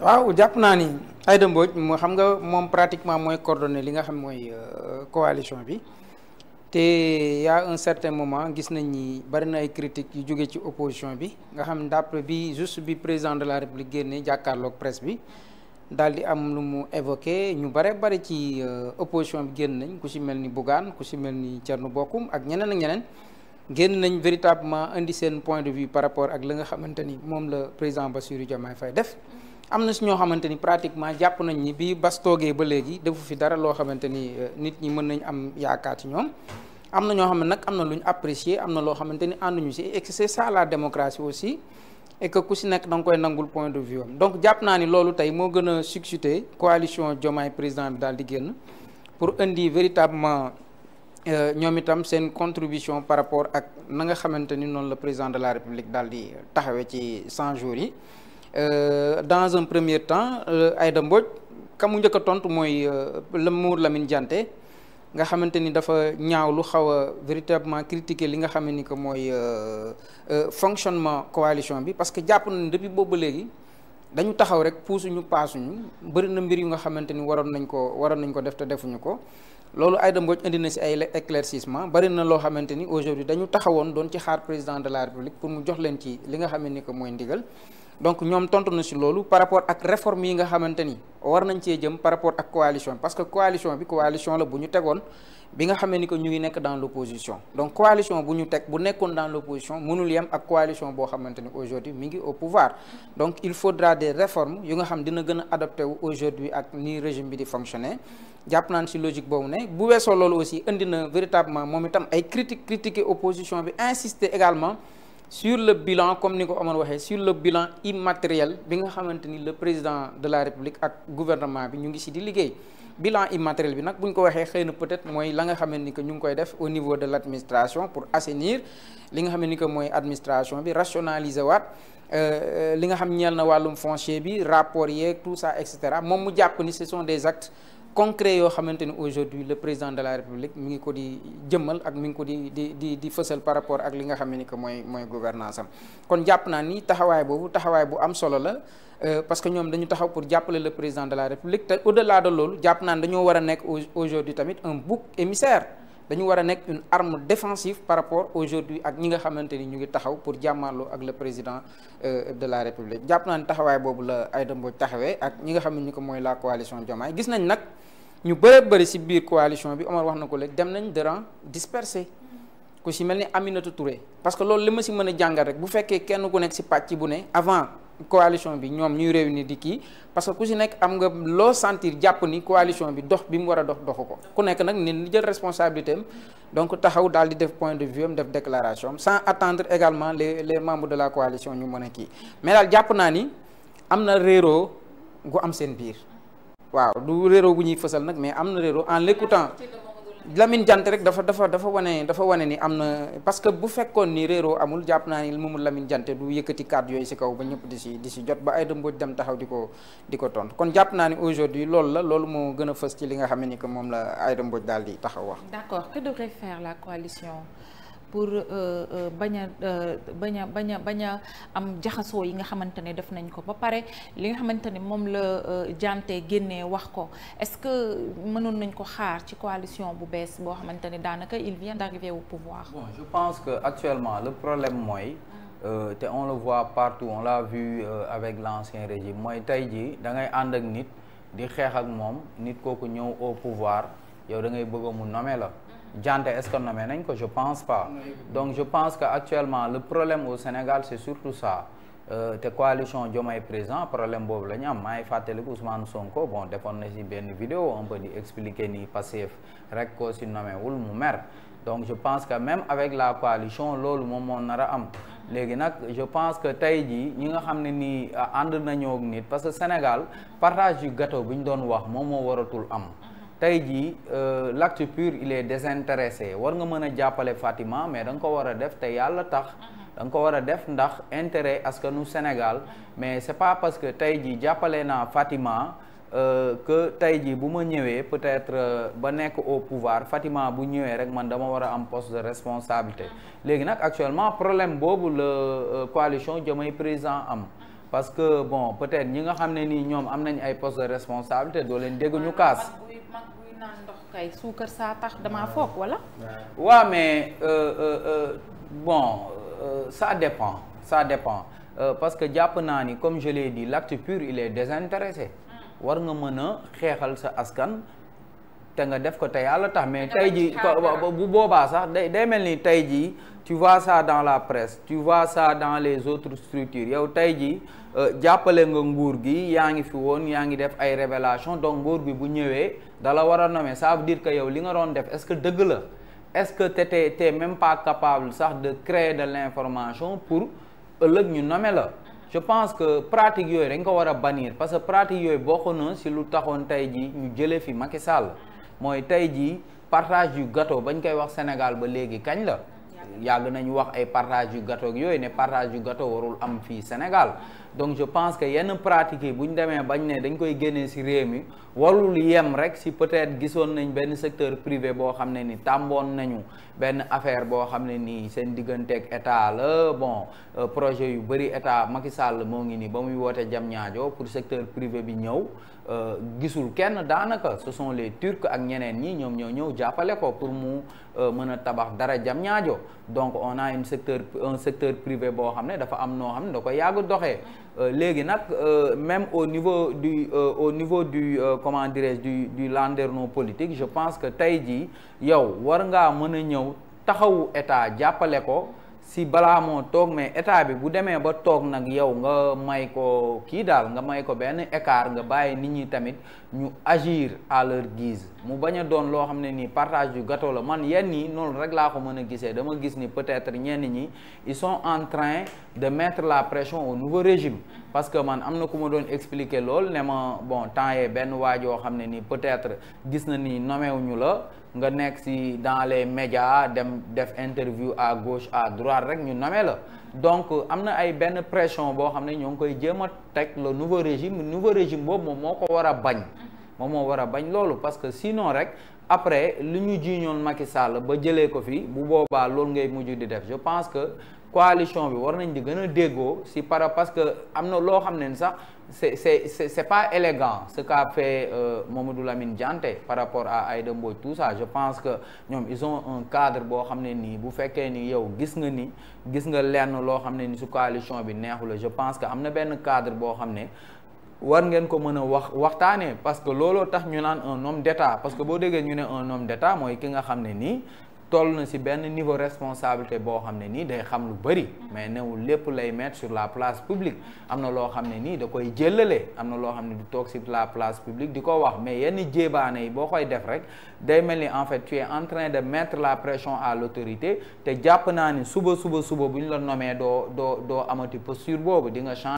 waaw jàpp naa ni Aïda Mbodj mu xam nga moom pratiquement mooy coordonné li nga xam mooy euh, coalition bi te y'a un certain moment gis nañ ni bari na ay critiques yu jóge ci opposition bi nga xam d'après bi juste bi président de la république génne jàkkaarloog presse bi dal di am lu mu évoqué ñu bare bari ci euh, opposition bi génn nañ ku ci mel ni Bougane ku ci mel ni Thierno bokkum ak ñeneen ak ñeneen génn nañ véritablement indi seen point de vue par rapport ak li nga xamante ni moom la président Bassirou Diomaye Faye def am na si ñoo xamante ni pratiquement jàpp nañ ñi bi bas toogee ba léegi defu fi dara loo xamante ni euh, nit ñi mën nañ am yaakaar ci ñoom am na ñoo xam ne nag am na lu ñu apprécier am na loo xamante ni ànduñu si et c'est ça la démocratie aussi et que ku si nekk da nga koy nangul point de vue am donc jàpp naa ni loolu tey moo gën a suscité coalition Diomaye président bi daal di génn pour indi véritablement euh, ñoom itam seen contribution par rapport ak na nga xamante ni noonu la président de la république daal di euh, taxawee ci 100 jours yi Euh, dans un premier temps euh, Aïda Mbodj ka mu njëkk tontu mooy Mamour euh, Lamine Diante nga xamante ni dafa ñaawlu xaw a véritablement critiquer li nga xam ne ni que mooy fonctionnement coalition bi parce que jàpp nañ depuis boobu léegi dañu taxaw rek puusuñu paasuñu bëri na mbir yu nga xamante ni waroon nañ ko waroon nañ ko def te defuñu ko loolu Aïda Mbodj indi na si ay éclaircissement bëri na loo xamante ni aujourd'hui dañu taxawoon doon ci xaar président de la république pour mu jox leen ci li nga xam ne ni que mooy ndigal donc ñoom tontu na si loolu par rapport ak réforme yi nga xamante ni war nañ cee jëm par rapport ak coalition parce que coalition bi coalition la bu ñu tegoon bi nga xamee ni que ñu ngi nekk dans l' opposition donc coalition bu ñu teg bu nekkoon dans l' opposition mënul yem ak coalition boo xamante ni aujourd'hui mi ngi au pouvoir donc il faudra des réformes yu nga xam dina gën a adopté wu aujourd'hui ak ni régime bi di fonctionner jàpp naan si logique boobu ne bu weesoo aussi indi na véritablement moom itam ay critique critiquer opposition bi insister également sur le bilan comme ni ko amoon waxee sur le bilan immatériel bi nga xamante ni le président de la république ak gouvernement bi ñu ngi si di liggéey bilan immatériel bi nag bu ñu ko waxee xëy na peut-être mooy la nga xamante ni que ñu ngi koy def au niveau de l'administration pour assainir li nga xam ni que mooy administration bi rationaliser waat euh, li nga xam ñeel na wàllum foncier bi rapport yeeg tout ça et cetera moom mu jàpp ni ce des actes concret yoo xamante ni aujourd'hui le président de la république mu ngi ko di jëmmal ak mi ngi ko di di di di fësal par rapport ak li nga xam ne ni que mooy mooy gouvernance am kon jàpp naa ni taxawaay boobu taxawaay bu am solo la euh, parce que ñoom dañu taxaw pour jàppale le président de la république te au loolu jàpp naa ni dañoo war a nekk aujourd'hui tamit un bouc émissaire dañu war a nekk une arme défensive par rapport aujourd'hui ak ñi nga xamante ni ñu ngi taxaw pour jàmmaarloo ak le président euh, de la république jàpp naa ne taxawaay boobu la ay Aïda Mbodj taxawee ak ñi nga xam ne ñu ko mooy la coalition Diomaye gis nañ nag ñu bëre bëri si biir coalition bi Omar wax na ko léegi dem nañ de dispersé ku si mel ni Aminata Touré parce que loolu li ma si mën a jàngal rek bu fekkee kenn ku nekk si pàcc bu ne avant coalition bi ñoom ñuy réunir di kii parce que ku si nekk am nga loo sentir jàpp ni coalition bi dox bi mu war a dox doxu ko ku nekk nag nit ñi jël responsabilité am donc taxaw daal di def point de vue am def déclaration sans attendre également les les membres de la coalition ñu mën a kii mais daal jàpp naa ni am na réeroo gu am seen biir waaw du réeroo gu ñuy fësal nag mais am na réeroo en l'écoutant Lamine Diante rek dafa dafa dafa wane dafa wane ni am na parce que bu fekkoon ni réeroo amul jàpp naa ni moomul lamin Diante du yëkkati kàddu yooyu si kaw ba ñëpp di si di si jot ba ay dëmbooj dem taxaw di ko di ko tontu kon jàpp naa ni aujourd'hui loolu la loolu moo gën a fës ci li nga xam ni que moom la ay dëmbooj daal di taxaw wax. d'accord que devrait faire la coalition. pour euh, euh, bañ a euh, bañ a bañ a bañ a am jaxasoo yi nga xamante ne def nañ ko ba pare li nga xamante ne moom la jante génne wax ko est-ce que mënoon nañ ko xaar ci coalition bu bees boo xamante ne daanaka il vient d'arriver au pouvoir. bon je pense que actuellement le problème mooy. Ah. Euh, te on le voit partout on l'a vu avec l'ancien régime mooy tey jii da ngay ànd ak nit di xeex ak moom nit kooku ñëw au pouvoir yow da ngay bëgg mu nommer la. jante est que nommé nañ ko je pense pa donc je pense que actuellement le problème au Sénégal c'est surtout ça euh, te coalition Diomaye président problème boobu la ñu am maa ngi fàttaliku Ousmane Sonko bon defoon na ci benn vidéo on peut di expliquer ni Pastef rek ko si nome wul mu mer donc je pense que même avec la coalition loolu moom moo nar a am léegi nag je pense que tey jii ñi nga xam ne nii ànd nañoo ak nit parce que Sénégal partage du gâteau bi ñu doon wax moom moo waratul am tey jii euh, l'acte pur il est désintéressé war nga mën a jàppale Fatima mais da nga ko war a def te yàlla tax mhm. da nga ko war a def ndax intéret intérêt askanu Sénégal mhm. mais c'est pas parce que tey jii jàppale naa Fatima euh, que tey jii bu ma ñëwee peut-être euh, ba nekk au pouvoir Fatima bu ñëwee rek man dama war a am poste de responsabilité mhm. léegi nag actuellement problème boobu la coalition Diomaye Président am parce que bon peut-être ñi nga xam ne nii ñoom am nañ ay poste de responsabilité doo kaas kay suukar saa tax damaa foog wala. waa mais euh, euh, euh, bon ça dépend sa dépend parce que jàpp naa ni comme je l'ai dit l'acte pur il est désintéressé. Hmm. war nga mën a xeexal sa askan. te nga def ko te yàlla tax mais tey ji bu boobaa sax day day mel ni tey jii tu vois ça dans la presse tu vois ça dans les autres structures yow tey jii euh, jàppale nga nguur gi yaa ngi fi woon yaa ngi def ay révélation donc nguur gi bu ñëwee dala war a nommer ça veut dire que yow li nga doon def est-ce que dëgg la est-ce que te te t'es même pas capable sax de créer de l'information pour ëllëg ñu nommer la je pense que pratique yooyu dañ ko war a bannir parce que pratique yooyu boo ko na si lu taxoon tey jii ñu jëlee fi Macky Sall mooy tey jii partage du gâteau bañ koy wax Sénégal ba léegi kañ la yàgg nañu wax ay partage yu gâteau yooyu ne partage yu gâteau warul am fii Sénégal donc je pense que yenn pratique bu ñu demee bañ ne dañ koy génnee ci réew mi warul yem rek ci peut-être gisoon nañ benn secteur privé boo xam ne ni tàmboon nañu benn affaire boo xam ne nii seen digganteeg état la bon euh, projet yu bëri état Macky Sall moo ngi nii ba muy woote jam ñaajo pour secteur privé bi ñëw euh, gisul kenn daanaka ce sont les Turcs ak ñeneen ñi ñoom ñoo ñëw jàppale ko Euh, mën a tabax dara jam ñaajo donc on a une secteur un secteur privé boo xam ne dafa am noo xam ne da ko yàgg doxe euh, léegi nag euh, même au niveau du au niveau du comment dirais-je du du landerneau politique je pense que tey jii yow war ngaa mën a ñëw taxawu état jàppale ko si balaa moo toog mais état bi bu demee ba toog nag yow nga may ko kii daal nga may ko benn écart nga bàyyi nit ñi tamit ñu agir à gise mu bañ a doon loo xam ne nii partage du gato la man yenn nii noonu rek laa ko mën a gisee dama gis ni peut-être ñenn ñi ils sont en train de mettre la pression au nouveau régime parce que man am na ku ma doon expliquer lool ne ma bon temps yee benn waajoo xam ne ni peut-être gis na ni nomewuñu la nga nekk si dans les médias dem def interview à gauche à droite rek ñu nome la donc am na ay benn pression boo xam ne ñoo ngi koy jéem a teg le nouveau régime nouveau régime boobu moom moo ko war a bañ moom moo war a bañ loolu parce que sinon rek après li ñu jiiñoon Macky Sall ba jëlee ko fi bu boobaa loolu ngay mujj di def je pense que coalition bi war nañ di gën a déggoo si par parce que am na loo xam ne sax c'est c'est c'est pas élégant ce qu'a fait euh, Mamadou amin jante par rapport à Aïda Mbodj tout ça je pense que ñoom ils ont un cadre boo xam ne nii bu fekkee ni yow gis nga ni gis nga lenn loo xam ne ni su coalition bi neexula je pense que am na benn cadre boo xam ne war ngeen ko mën a wax waxtaanee parce que looloo tax ñu naan un homme d'état parce que boo déggee ñu ne un homme d'état mooy ki xam ne nii toll na ci benn niveau responsabilité boo xam ne nii day xam lu bëri mais newul lépp lay mettre sur la place publique am na loo xam ne nii da koy jëlale am na loo xam ne du toog ci la place publique di ko wax mais yenn jéebaane yi boo koy def rek day mel ni en fait tu es en train de mettre la pression à l'autorité te jàpp naa ni suba suba suba bu ñu la nomee doo doo doo amati posture boobu di nga